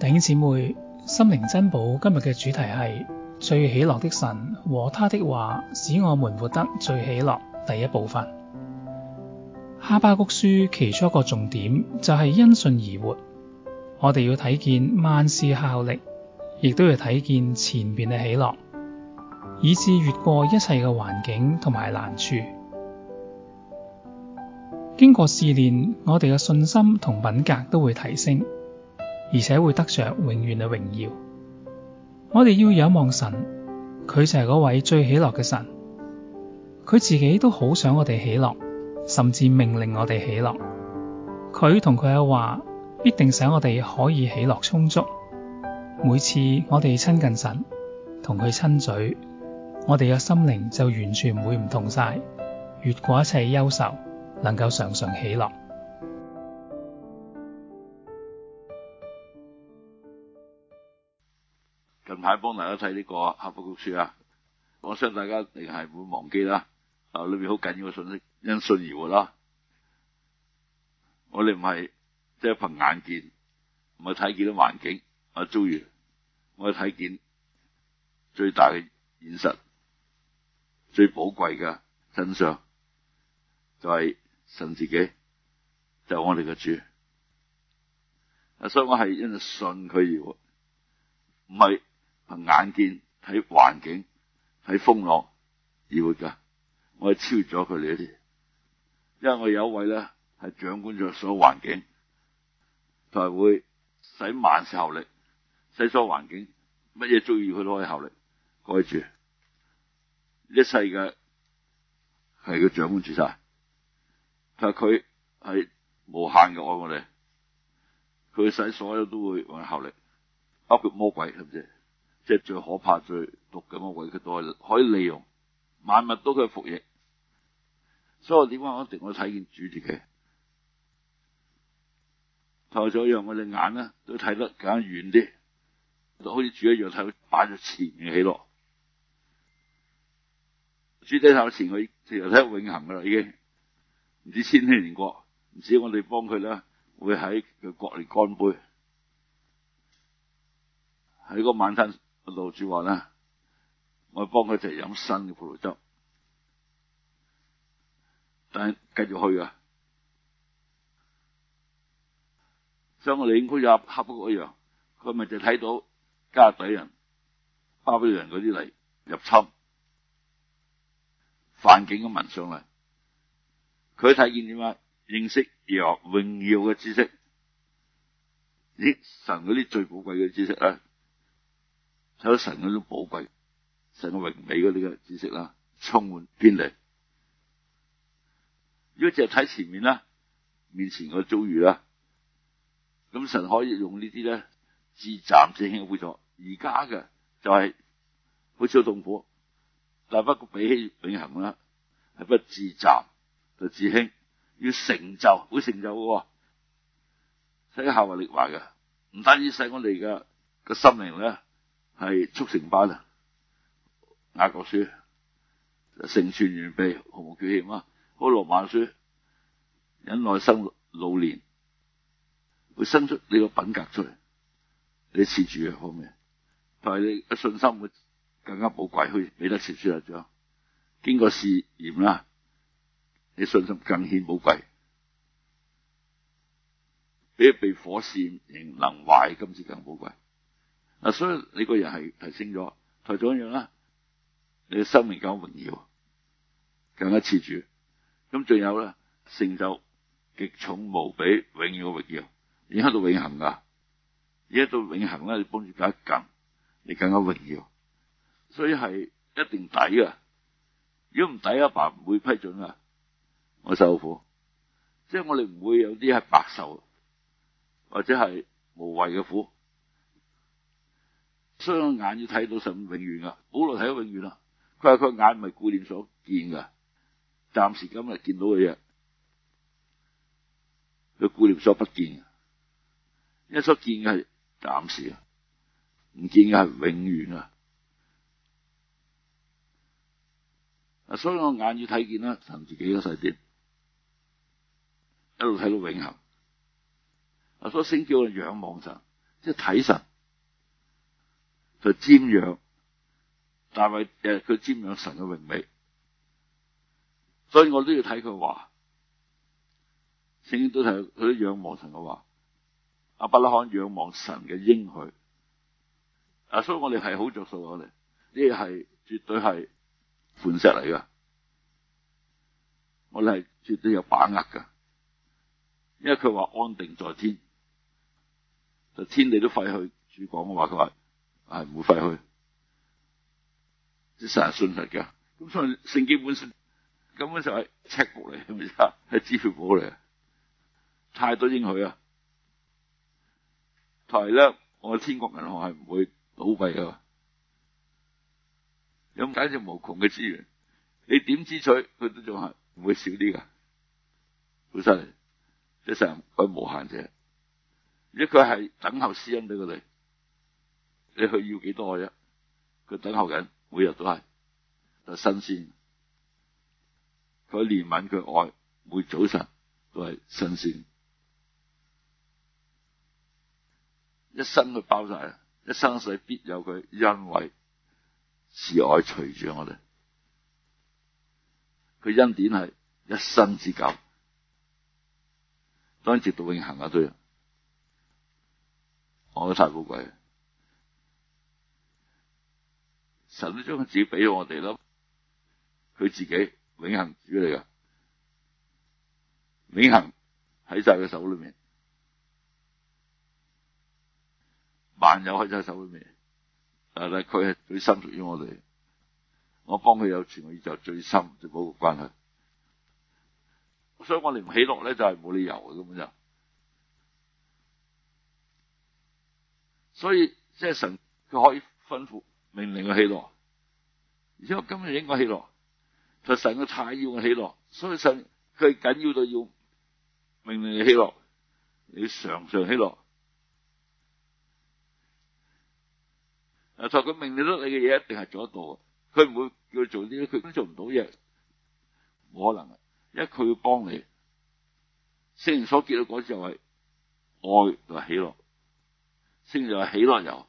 弟兄姊妹，心靈珍寶今日嘅主題係最喜樂的神和祂的話，使我們活得最喜樂。第一部分，哈巴谷書其中一個重點就係因信而活。我哋要睇見萬事效力，亦都要睇見前面嘅喜樂，以致越過一切嘅環境同埋難處。經過試煉，我哋嘅信心同品格都會提升。而且會得着永遠嘅榮耀。我哋要仰望神，佢就係嗰位最喜樂嘅神，佢自己都好想我哋喜樂，甚至命令我哋喜樂。佢同佢嘅話必定使我哋可以喜樂充足。每次我哋親近神，同佢親嘴，我哋嘅心靈就完全會唔同晒，越過一切憂愁，能夠常常喜樂。近排幫大家睇呢個《哈巴谷書》啊，我相信大家一定係唔會忘記啦。啊，裏面好緊要嘅信息，因信而活啦。我哋唔係即係憑眼見，唔係睇見到環境。啊，遭遇，我 y 我睇見最大嘅現實、最寶貴嘅真相，就係、是、神自己，就係、我哋嘅主。所以我係因信佢而活，唔係，眼見睇環境睇風浪而活噶，我係超越咗佢哋一啲，因為我有一位咧係掌管咗所有環境，同埋會使萬事效力，使所有環境乜嘢遭遇佢都可以效力改住，一世嘅，係佢掌管住晒，但係佢係無限嘅愛我哋，佢使所有都會效力，包括魔鬼係唔即係最可怕、最毒嘅，我為佢都係可以利用，萬物都佢服役。所以我點解我一定我睇見主嘅，透咗讓我隻眼咧都睇得更加遠啲，就好似主一樣睇佢擺咗前面起落。主低頭前，佢直頭睇永恒噶啦，已經唔知千禧年，年過，唔知我哋幫佢咧會喺佢國嚟乾杯，喺個晚餐。老主話呢，我幫佢哋飲新嘅葡萄汁，但係繼續去啊，將個領土又合咗一樣，佢咪就睇到加底人、巴比倫嗰啲嚟入侵犯境嘅文章嚟，佢睇見點啊？認識若榮耀嘅知識，啲神嗰啲最寶貴嘅知識啊！睇到神嗰種寶貴、神嘅榮美嗰啲嘅知識啦，充滿天理，如果淨係睇前面啦，面前嘅遭遇啦，咁神可以用呢啲咧，至暫至輕嘅幫助。而家嘅就係好似好痛苦，但係不過比起永恆啦，係不至暫就至輕要成就好成就嘅，哦，喺下話力懷嘅，唔單止使我哋嘅個心靈咧。係速成班成啊，雅各書成全完備毫無缺欠啊！好羅馬書忍耐生老練會生出你個品格出嚟。你持住、啊、好咩？同埋你嘅信心會更加寶貴，去彼得前書入賬。經過試驗啦，你信心更顯寶貴。比被火試仍能壞，今次更寶貴。啊、所以你個人係提升咗，同咗一樣啦，你嘅生命更榮耀，更加賜主。咁仲有咧，成就極重無比、永遠嘅榮耀，影響到永恒噶。而家到永恒咧，幫助更一更，你更加榮耀。所以係一定抵噶，如果唔抵，阿爸唔會批准啊。我受苦，即係我哋唔會有啲係白受，或者係無謂嘅苦。所以我眼要睇到神永遠啊，保羅睇到永遠啊，佢話佢眼唔係顧念所見噶，暫時今日見到嘅嘢，佢顧念所不見。一所見嘅係暫時，啊，唔見嘅係永遠啊！所以我眼要睇見啦，神自己個世啲，一路睇到永恒。啊，所以叫我仰望神，即係睇神。就瞻仰，但係誒，佢瞻仰神嘅榮美，所以我都要睇佢話。聖經都係佢都仰望神嘅話，阿伯拉罕仰望神嘅應許，啊，所以我哋係好着數我哋，呢係絕對係磐石嚟噶，我哋係絕對有把握噶，因為佢話安定在天，就天地都廢去，主講嘅話佢話。係唔、哎、會廢去，啲神人信實嘅，咁所以聖經本身根本就係赤局嚟，係咪先？係支票簿嚟，太多應許啊！台呢，咧，我的天國銀行係唔會倒閉嘅，有簡直無窮嘅資源，你點支取佢都仲係唔會少啲噶，好犀利！啲神係無限者，如果佢係等候私恩俾佢哋。你去要幾多愛啫？佢等候緊，每日都係，就新鮮。佢憐憫，佢愛，每早晨都係新鮮。一生佢包晒，一生世必有佢，因為是愛隨住我哋。佢恩典係一生之久，當直到永恆嘅，我都太寶貴。神都將佢自己俾咗我哋咯，佢自己永恒主嚟噶，永恒喺晒佢手裏面，萬有喺晒佢手裏面，但係佢係最深屬於我哋，我幫佢有全宇宙最深最保護關係。所以我哋唔起落咧就係冇理由嘅根本就，所以即係神佢可以吩咐。命令嘅喜樂，而且我今日應該喜樂，就神佢太要嘅喜樂，所以神佢緊要到要命令嘅喜樂，你常常喜樂。啊，就佢命令到你嘅嘢一定係做得到，佢唔會叫你做啲，佢都做唔到嘢，不可能嘅，因為佢會幫你。聖所結到嗰隻就係愛同喜樂，聖就係喜樂又。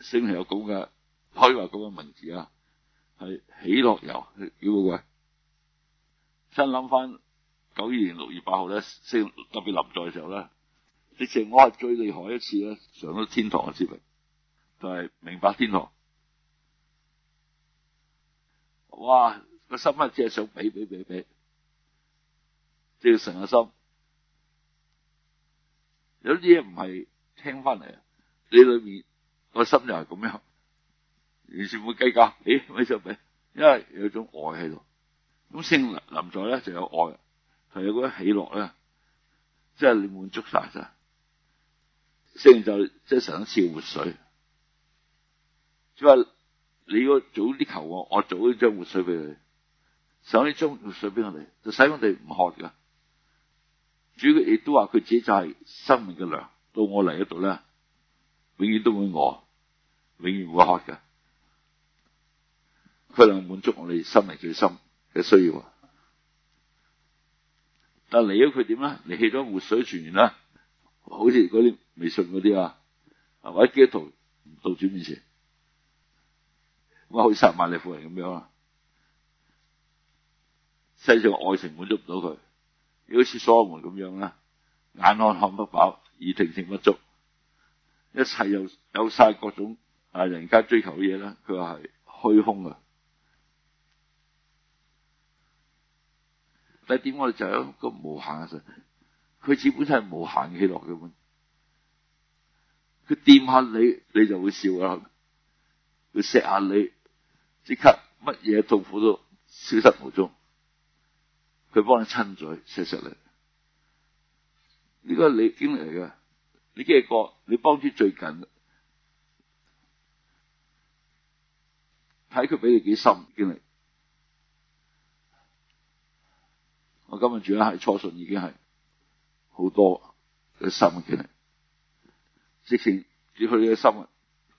聖經有講嘅，可以話咁嘅文字啊，係喜樂要叫乜鬼？真諗翻九二年六月八號咧，特別臨在嘅時候咧，直情我係最厲害一次咧，上咗天堂嘅證明，就係、是、明白天堂。哇！個心一直想畀畀畀畀，只要成個心，有啲嘢唔係聽翻嚟，啊，你裏面。個心又係咁樣，完全冇計較，咦、哎，咪就咪，因為有一種愛喺度。咁聖靈臨在咧就有愛，同有嗰啲喜樂咧，即係你滿足晒就聖就即係神嘅活水。主、就、話、是、你如果早啲求我，我早啲將活水俾佢。想啲將活水俾我哋，就使我哋唔渴噶。主亦都話佢自己就係生命嘅糧，到我嚟嗰度咧，永遠都會餓。永遠會渴嘅，佢能滿足我哋心靈最深嘅需要。但離咗佢點咧？離棄咗活水泉源啦，好似嗰啲微信嗰啲啊，或者徒圖到轉面前，咁啊好似十萬里富人咁樣啊。世上的愛情滿足唔到佢，好似所羅門咁樣啊，眼看看不飽，耳聽聽不足，一切又有晒各種。但人家追求嘅嘢咧，佢話係虛空啊！第一點我哋就有一個無限嘅神，佢只本身係無限喜樂嘅本，佢掂下你，你就會笑啦；佢錫下你，即刻乜嘢痛苦都消失無蹤。佢幫你親嘴錫實你，呢個係你，你經歷嚟嘅，你經歷過，你幫住最近。睇佢俾你幾深經歷，我今日主要係初信，已經係好多嘅深嘅經歷，直情住佢嘅深啊！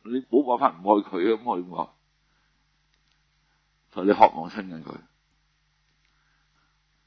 你冇辦法唔愛佢咁嘅咁去，同你渴望親近佢。